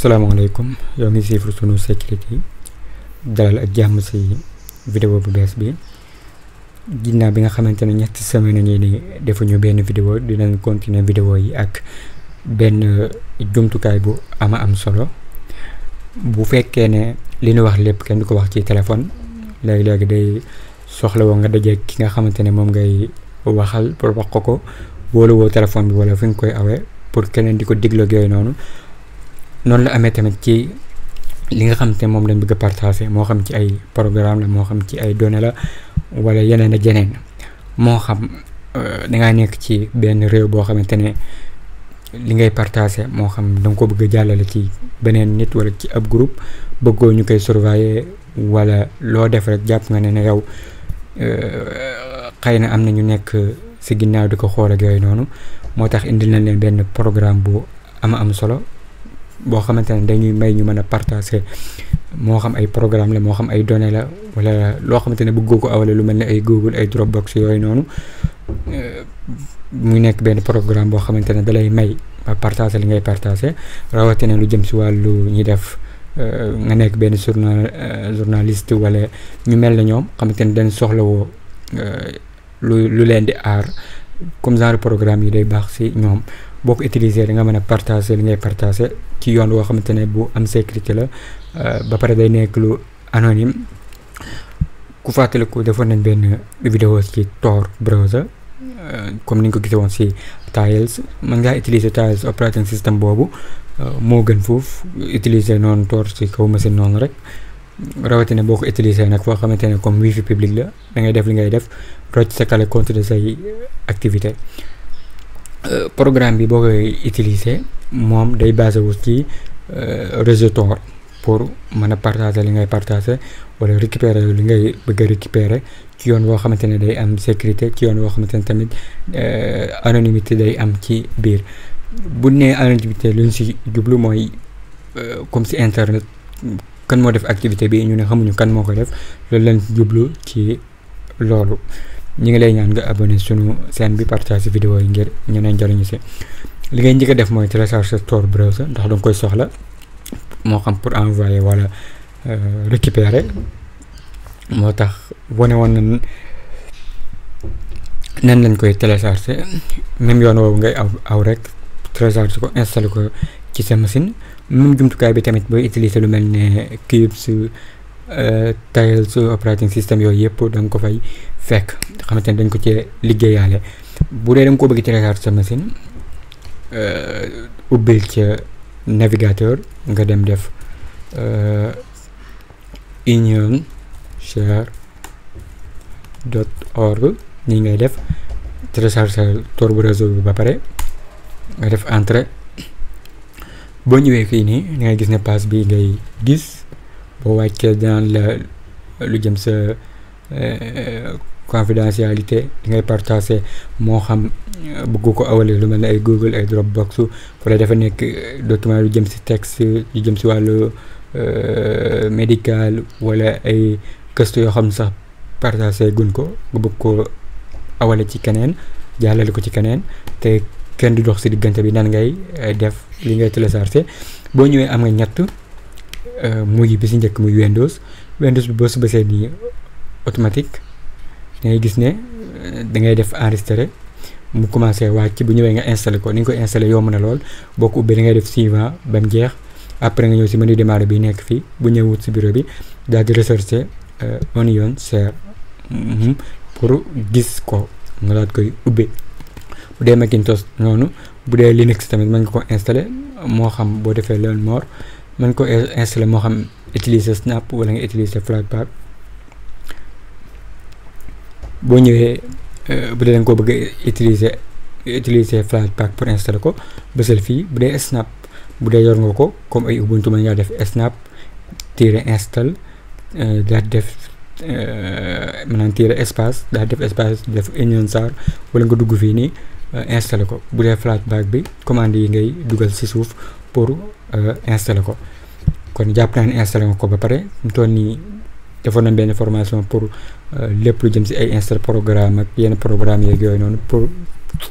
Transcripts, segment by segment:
salaamaaleykum yow ngi siifru sunu sécurité dalal ak jàmm si vidéo bu bees bi ginnaaw bi nga xamante ne ñetti semaine ñi ni defuñu benn vidéo dinañ continuer vidéo yi ak benn jumtukaay bu ama am solo bu fekkee ne li ñu wax lépp kenn du ko wax ci téléphone léegi-léegi day soxla woo nga dajee ki nga xamante ne moom ngay waxal pour wax ko ko wóolu woo téléphone bi wala fi nga koy awee pour keneen di ko digloog yooyu noonu noonu la amee tamit ci li nga xam te moom lañ bëgg a partagé moo xam ci ay programme la moo xam ci ay données la wala yeneen ak jeneen moo xam euh, dangaa nekk ci benn réew boo xamante ne li ngay partagé moo xam danga ko bëgg a jàllale ci beneen nit wala ci ab groupe bëggoo ñu koy surveiller wala loo def rek jàpp nga ne ne yow euh, xëy na am na ñu nekk si ginnaaw di ko xool ak yooyu noonu moo tax indi na leen benn programme bu am am solo boo xamante ne dañuy may ñu mën a partager moo xam ay programme la moo xam ay données la wala loo xamante ne bëggoo ko awale lu mel ni ay Google ay Dropbox yooyu noonu mu nekk benn programme boo xamante ne dalay may ba partager li ngay partager rawatina lu jëm si wàllu ñi def euh, nga nekk benn journal euh, journaliste wala ñu mel ne ñoom xamante ne dañ soxlawoo euh, lu lu leen di aar comme genre programme yi day baax si ñoom. boo ko utiliser da nga mën a partager li ngay partager ci yoon woo xamante ne bu am sécurité la euh, ba pare day nekk lu anonyme ku ku defoon nañ benn vidéo ci Tor browser euh, comme ni nga ko gisee woon si Tiles mën ngaa utiliser Tiles operating system boobu euh, moo gën foofu utiliser noonu Tor ci kaw machine noonu rek rawatina boo ko utiliser nag foo xamante ne comme wifi public la dangay def li ngay def rocc sa kale continuer say activité Euh, programme bi boo koy utiliser moom day basé wu ci euh, réseau Tor pour mën a partager li ngay partager wala récupérer li ngay bëgg a récupérer ci yoon woo xamante ne day am sécurité ci yoon woo xamante ne tamit euh, anonymité day am ci biir bu nee anonymité lu ñu si jublu mooy comme si internet kan moo def activité bi ñu ne xamuñu kan moo ko def loolu lañ jublu ci loolu ñu ngi lay ñaan nga abonné sunu chaîne bi partage vidéo yi ngir ñeneen jariñu si li ngay njëkk a def mooy télécharger Tor sa ndax danga koy soxla moo xam pour envoyé walla wala euh, rek moo tax wone woon na nan lañ koy télécharger même yoon woowu ngay aw aw rek télécharger ko installé ko ci sa machine même jumtukaay bi tamit booy utiliser lu mel ne Cubes Eh, tayal su operating système yooyu yëpp da nga ko fay fekk xamante ne dañ ko cee liggéeyaale bu dee da ko bëgg télécharge sa machine eh, ubbil ca navigateur nga dem def eh, union share dot org nii ngay def télécharge sa tour bu réseau bi ba pare nga def entrée boo ñëwee fii nii da ngay gis ne pass bi ngay gis boo wàccee dinaan la lu jëm sa eh, confidentialité li ngay partagé moo xam eh, bëgg ko awale lu mel ne ay Google ay Dropbox wala dafa nekk eh, document lu jëm si texte lu jëm si wàllu médical wala ay gëstu yoo xam sax partagé gun ko nga bëgg ko awale ci keneen jàllale ko ci keneen te kenn du dox si diggante bi nan ngay def li ngay téléchargé boo ñëwee am nga ñett muy bi si njëkk muy Windows Windows bi boo si bësee nii automatique da ngay gis ne euh, da ngay def enregistré mu commencé wàcc bu ñëwee nga installé ko ni nga koy installé yomb na lool boo ko ubbee da ngay def suivant ba mu jeex après nga ñëw si menu démarrer bi nekk fii bu ñëwut si bureau bi daal di recherché Onion euh, Share mhm. pour gis ko nga daal koy ubbee bu dee Macintosh noonu bu dee Linux tamit mën nga ko installé moo xam boo defee learn more mën ko installé moo xam utiliser snap wala nga utiliser Flatpak boo ñëwee euh, bu dee da ko bëgg a utiliser utiliser Flatpak pour installé ko bësal fii bu dee snap bu dee yor nga ko comme ay ubuntu mën ngaa def snap tirer install euh, daal def euh, maanaam tirer espace daal def espace def union sar wala nga dugg fii nii. Euh, installer ko bu dee Flatpak bi commande yi ngay dugal ci suuf pour euh, installer ko kon jàpp naa ne installer nga ko ba pare mu toll nii defoon nañ benn formation pour euh, lépp lu jëm si ay install programme ak yenn programme yeeg yooyu noonu pour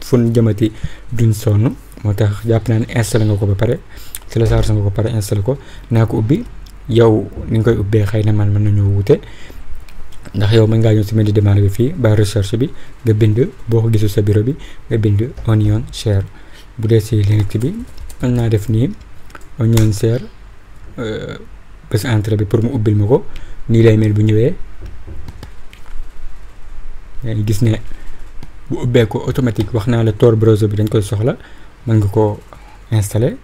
fun jëmati duñ sonn moo tax jàpp naa ne installer nga ko ba pare télécharge nga ko ba pare installer ko naa ko ubbi yow ni nga koy ubbee xëy na man mën nañoo wute ndax yow man ngaa ñëw si menu demande bi fii ba recherche bi nga bind boo ko gisul sa bureau bi nga bind onion share bu dee si Linux bi mën naa def nii onion share euh, bés entrée bi pour mu ubbil ma ko nii lay mel bu ñëwee yaa ngi gis ne bu ubbee ko automatique wax naa la Tor brose bi dañ koy soxla mën nga koo installer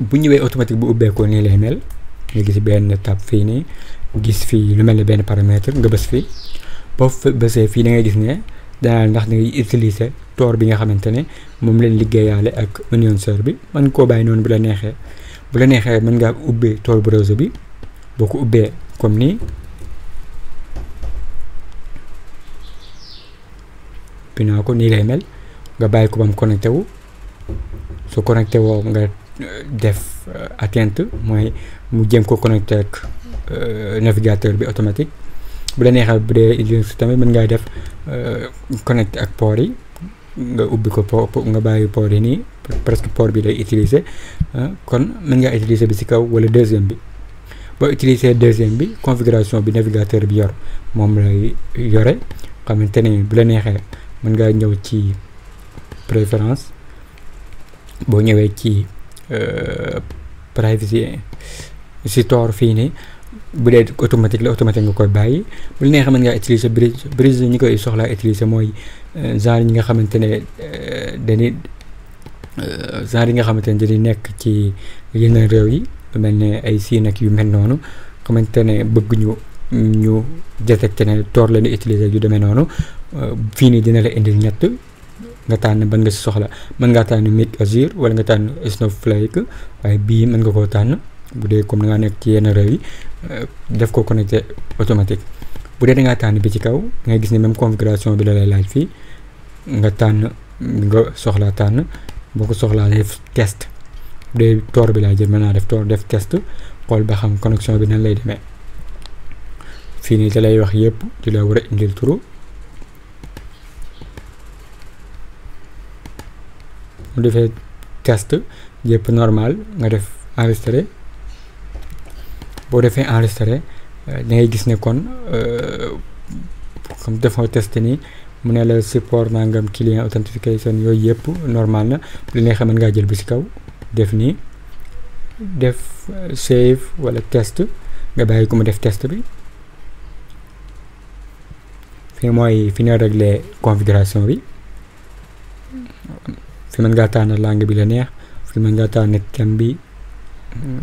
bu ñëwee automatique bu ubbeekoo nii lay mel nga gis benn tab fii nii gis fii lu mel ni benn paramètre nga bës fii boo bësee fii da ngay gis ne danaal ndax da ngay utiliser toor bi nga xamante ne moom leen liggéeyaale ak union server bi mën koo bàyyi noonu bu la neexee bu la neexee mën ngaa ubbee toor browser bi boo ko ubbee comme nii bi naa ko nii lay mel nga bàyyi ko ba mu connecté wu su connecté nga euh, def euh, atteinte mooy mu jéem ko connecté ak Euh, navigateur bi automatique bu la neexee bu dee Linux tamit mën ngaa def euh, connect ak poor yi nga ubbi ko po nga bàyyi port yi nii presque port bi lay utiliser ah, kon mën ngaa utiliser bi si kaw wala deuxième bi boo utiliser deuxième bi configuration bi navigateur bi yor moom lay yore ne ni bu la neexee mën ngaa ñëw ci préférence boo ñëwee ci euh, privacy si tor fii nii bu dee automatique la automatique nga koy bàyyi bu la neexee mën ngaa utiliser brise brise ñi koy soxlaa utiliser mooy euh, genre ñi nga xamante ne euh, dañuy euh, genre yi nga xamante ne dañuy nekk ci yeneen réew yi lu mel ne ay siin yu mel noonu xamante ne bëgg ñu ñu détecté ne toor la ñu utiliser yu demee noonu fii nii dina la indil ñett nga tànn ban nga si soxla mën ngaa tànn Mid Azure wala nga tànn Snowflake waaye bii mën nga koo tànn. bu dee comme da ngaa nekk ci yenn réew yi euh, def ko connecté automatique bu dee da tànn bi ci kaw ngay gis ni même configuration bi la lay laaj fii nga tànn nga soxla tànn boo ko soxlaa def test dee tor bi laa jël mën naa def tor def test xool ba xam connexion bi nan lay demee fii nii da lay wax yëpp di la war a indil turu mu defee test yëpp normal nga def enregistré boo defee enregistré euh, da ngay gis ne kon euh, comme dafa testé nii mu ne la support nangam client authentification yooyu yëpp normal na li nga xam ne ngaa jël bi si kaw def nii def euh, save wala test nga bàyyi ko mu def test bi fii mooy fi nga réglé configuration bi fi mën ngaa tànn langue bi la neex fi mën ngaa tànn thème bi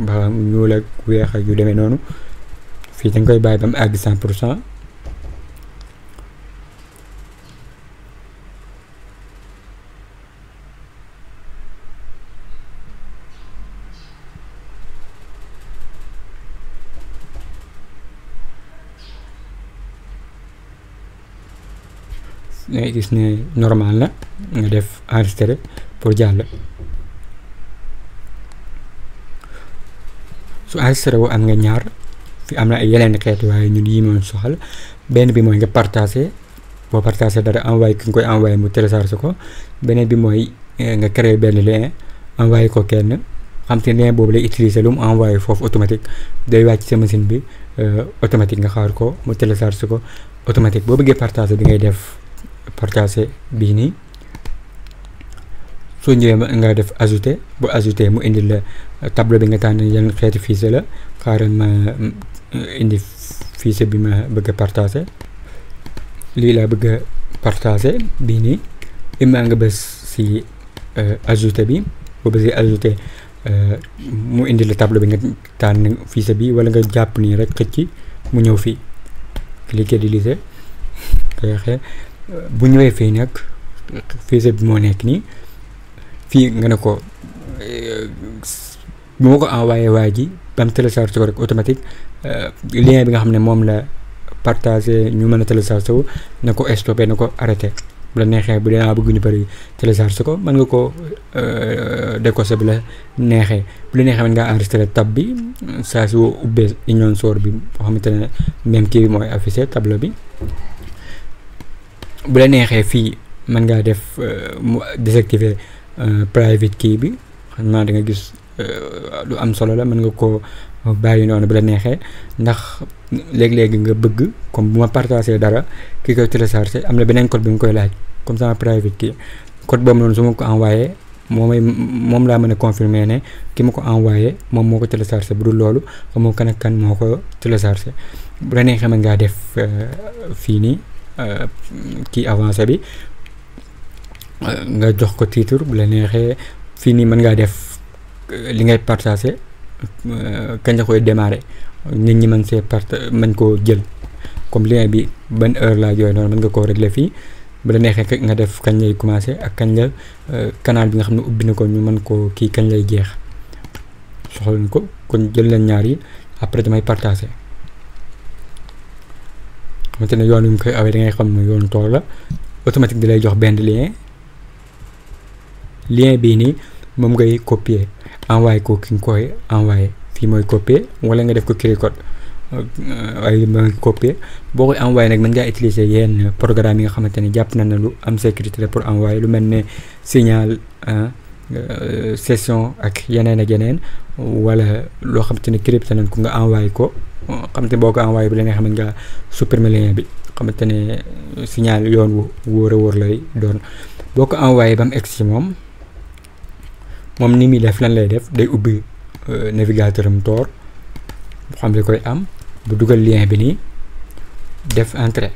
ba ñuul ak weex ak yu deme noonu fii dañ koy bàyyi ba mu àgg cent pour cent nga gis ne normal na nga def enregistré pour jàll su enregistré woo am nga ñaar fi am na ay yeneen xeet waaye ñun yii moom soxal benn bi mooy nga partagé boo partagé dara envoyé ki nga koy envoyé mu télécharge ko beneen bi mooy eh, nga créé benn lien envoyé ko kenn xam te lien boobu lay utiliser lu mu envoyé foofu automatique day wàcc sa machine bi euh, automatique nga xaar ko mu télécharge ko automatique boo bëggee partagé bi ngay def partagé bii nii. soo ñëwee ngaa def ajouté bu ajouté mu indi la euh, tableau bi nga tànn yan xeeti fichier la xaaral ma euh, indi fichier bi ma bëgg a lii laa bëgg a bii nii ima nga bës si euh, ajouter bi boo bësee ajouter mu indi la tableau bi nga tànn fichier bi wala nga jàpp nii rek xëcc mu ñëw fii cliquer déliser bu ñëwee fii nag fichier bi moo nekk nii fii nga ne ko eh, bu moo ko envoyé waa ji bam télécharge ko rek automatique eh, lien bi nga xam ne moom la partagé ñu mën a télécharge ko na ko stoppé na ko arrêté bu la bu dee naa bëgg ñu bëri télécharge ko mën nga ko eh, décoché bu la neexee bu la neexee mën ngaa enregistré tab bi saa si woo ubbee union soor bi boo xamante ne même kii bi mooy affiché tableau bi bu la neexee fii mën ngaa def mu désactiver Euh, private key bi xam naa da nga gis euh, lu am solo la mën nga ko bàyyi noonu bu la neexee ndax léeg-léegi nga bëgg comme bu ma partagé dara ki koy téléchargé am na beneen code bi nga koy laaj comme sama private key code boobu noonu su ma ko envoyé moo may moom laa mën a confirmer ne ki ma ko envoyé moom moo ko téléchargé bu dul loolu xamoo kan ak kan moo ko téléchargé bu la neexee mën ngaa def euh, fii nii kii avancé bi nga jox ko titre bu la neexee fii nii mën ngaa def li ngay partagé euh, kañ la koy démarré nit ñi mën see parta mën ko jël comme lien bi ban heure laa jooy noonu mën nga koo régler fii bu la neexee nga def kañ lay commencé ak kañ la euh, canal bi nga xam ne ubbi na ko ñu mën koo kii kañ lay jeex soxla ko kon jël leen ñaari après damay partagé. xamante ne yoon wi mu koy awee da ngay xam ne yoon tool la automatique di lay jox benn lien. lien bii nii moom ngay copier envoyé ko ki nga koy envoyé fii mooy copier wala nga def ko QR code euh, ay ma copier boo koy envoyé nag mën ngaa utiliser yenn programme yi nga xamante ne jàpp na ne lu am sécurité la pour envoyer lu mel ne signal euh, session ak yeneen ak yeneen wala loo xamante ne crypté nañ ko nga envoyé ko xamante boo ko envoyé bi la nga xam ne nga bi xamante ne signal yoon wu wóor a wóor lay doon boo ko envoyé ba mu si moom moom ni muy def lan lay def day ubbi euh, navigateur am Tor bu xam li koy am bu dugal lien bi nii def entrée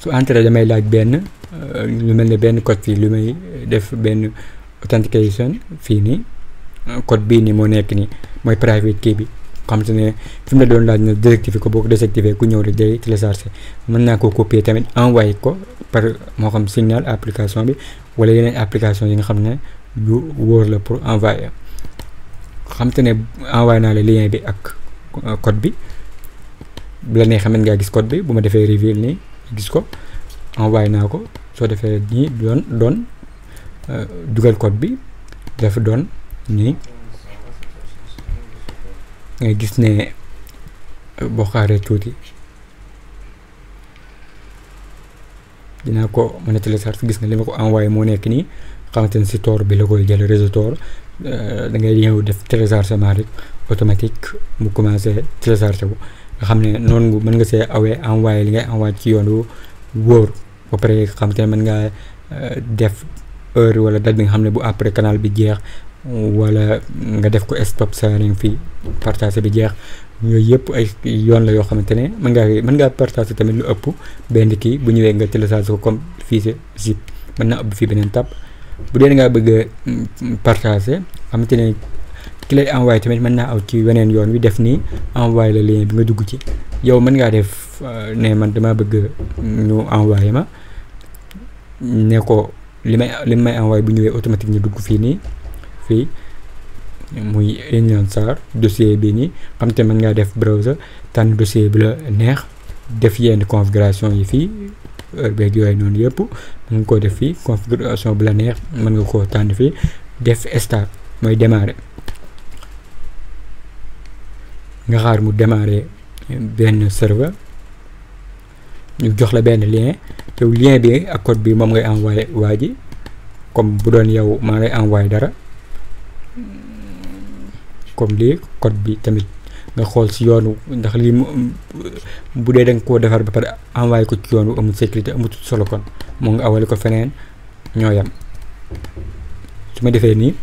su entrée damay laaj benn euh, lu mel ne benn code fii lu may def benn authentication fii nii code bii nii moo nekk nii mooy private key bi xam ne fi mu doon laaj na désactivé ko boo ko désactivé ku ñëw rek day téléchargé mën naa koo copier tamit envoyé ko par moo xam signal application bi wala yeneen application yi nga xam ne yu wóor la pour envoyer xam ne envoy naa la lien bi ak code bi bu la nee xamante ngaa gis code bi bu ma defee reveal nii gis ko envoyé naa ko soo defee nii doon doon euh, dugal code bi dafa doon nii nga gis ne boo xaaree tuuti dinaa ko mën a télécharge gis nga li ma ko envoyé moo nekk nii xamante si Tor bi la koy jël réseau Tor euh, da ngay ñëw def téléchargement rek automatique mu commencé téléchargé wu nga xam ne noonu mën nga see awee envoyé li ngay envoyé ci yoonu wóor ba pare xamante ne mën ngaa euh, def heure wala date bi nga xam ne bu après canal bi jeex wala nga def ko stop sharing fii partager bi jeex yooyu yëpp ay yoon la yoo xamante ne mën ngaa mën ngaa partager tamit lu ëpp benn kii bu ñëwee nga télécharge ko comme fii si zip mën naa ëpp fii beneen tab bu dee ngaa bëgg a mm, partager xamante ne ki lay envoyé tamit mën naa aw ci weneen yoon wi def nii envoyé la lien bi nga dugg ci yow mën ngaa def euh, ne man damaa bëgg ñu envoyé ma ne ko li may li may envoyé bu ñëwee automatique ñu dugg fii nii fii muy Union Star dossier bi nii xam te mën ngaa def browser tànn dossier bi la neex def yenn configuration yi fii heure beeg yooyu noonu yëpp mën nga koo def fii configuration bu la neex mën nga koo tànn fii def start mooy démarrer nga xaar mu démarrer benn serveur ñu jox la benn lien te lien bi ak code bi moom ngay envoyé waa ji comme bu doon yow maa ngay envoyé dara comme lii code bi tamit nga xool si yoonu ndax lii mu bu dee da koo defar ba pare envoyé ko ci yoonu amul sécurité amul solo kon moo nga awale ko feneen ñoo yam su ma defee nii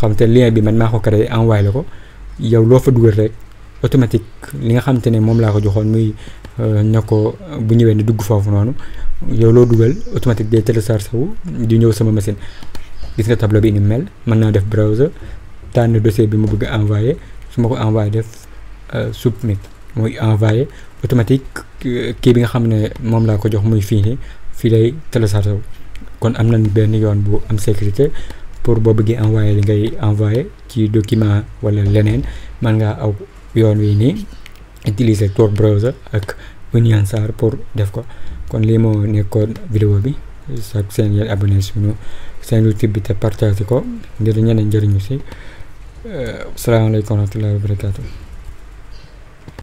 xam te lien bi man maa ko créé envoyé la ko yow loo fa dugal rek automatique li nga xam ne moom laa ko joxoon muy euh, na ko bu ñëwee ne dugg foofu noonu yow loo dugal automatique day télécharge wu di ñëw sama machine gis nga tableau bi ni mel mën naa def browser tànn dossier bi mu bëgg a envoyé su ma ko envoyé def euh, submit muy envoyé automatique euh, kii bi nga xam ne moom laa ko jox muy fii nii fii lay téléchargé kon am nañ benn yoon bu am sécurité pour boo bëggee envoyé li ngay envoyé ci document wala leneen man ngaa aw yoon wi ni utiliser Tor browser ak Onion Sar pour def ko kon lii moo nekkoon vidéo bi chaque seen yéen abonné suñu seen YouTube bi te partage ko ngir ñeneen njëriñu si euh, salaamaaleykum wa rahmatullahi wa